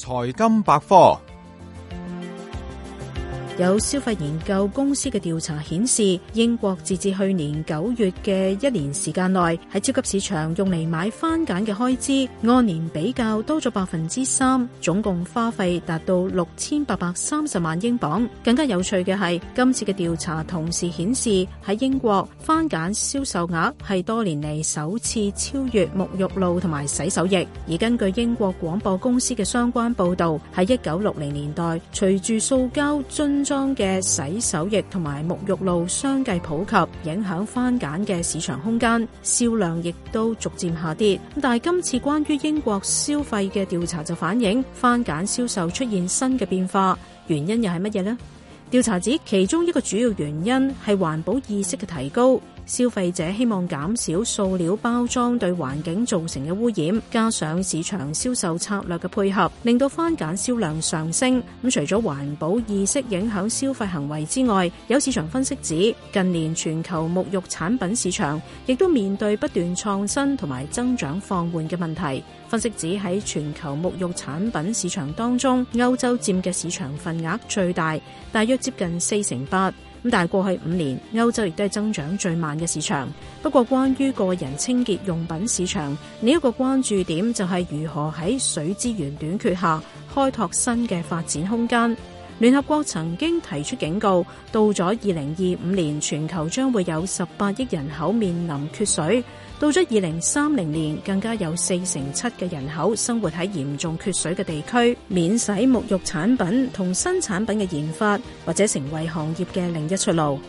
財金百科。有消費研究公司嘅調查顯示，英國截至去年九月嘅一年時間內，喺超級市場用嚟買番梘嘅開支，按年比較多咗百分之三，總共花費達到六千八百三十萬英鎊。更加有趣嘅係，今次嘅調查同時顯示喺英國番梘銷售額係多年嚟首次超越沐浴露同埋洗手液。而根據英國廣播公司嘅相關報道，喺一九六零年代，隨住塑膠樽。裝嘅洗手液同埋沐浴露相繼普及，影響番梘嘅市場空間，銷量亦都逐漸下跌。但係今次關於英國消費嘅調查就反映番梘銷售出現新嘅變化，原因又係乜嘢呢？調查指其中一個主要原因係環保意識嘅提高。消費者希望減少塑料包裝對環境造成嘅污染，加上市場銷售策略嘅配合，令到番梘銷量上升。咁除咗環保意識影響消費行為之外，有市場分析指，近年全球沐浴產品市場亦都面對不斷創新同埋增長放緩嘅問題。分析指喺全球沐浴產品市場當中，歐洲佔嘅市場份額最大，大約接近四成八。但係過去五年，歐洲亦都係增長最慢嘅市場。不過關於個人清潔用品市場，呢一個關注點就係如何喺水資源短缺下開拓新嘅發展空間。聯合國曾經提出警告，到咗二零二五年，全球將會有十八億人口面臨缺水。到咗二零三零年，更加有四成七嘅人口生活喺嚴重缺水嘅地區，免洗沐浴產品同新產品嘅研發，或者成為行業嘅另一出路。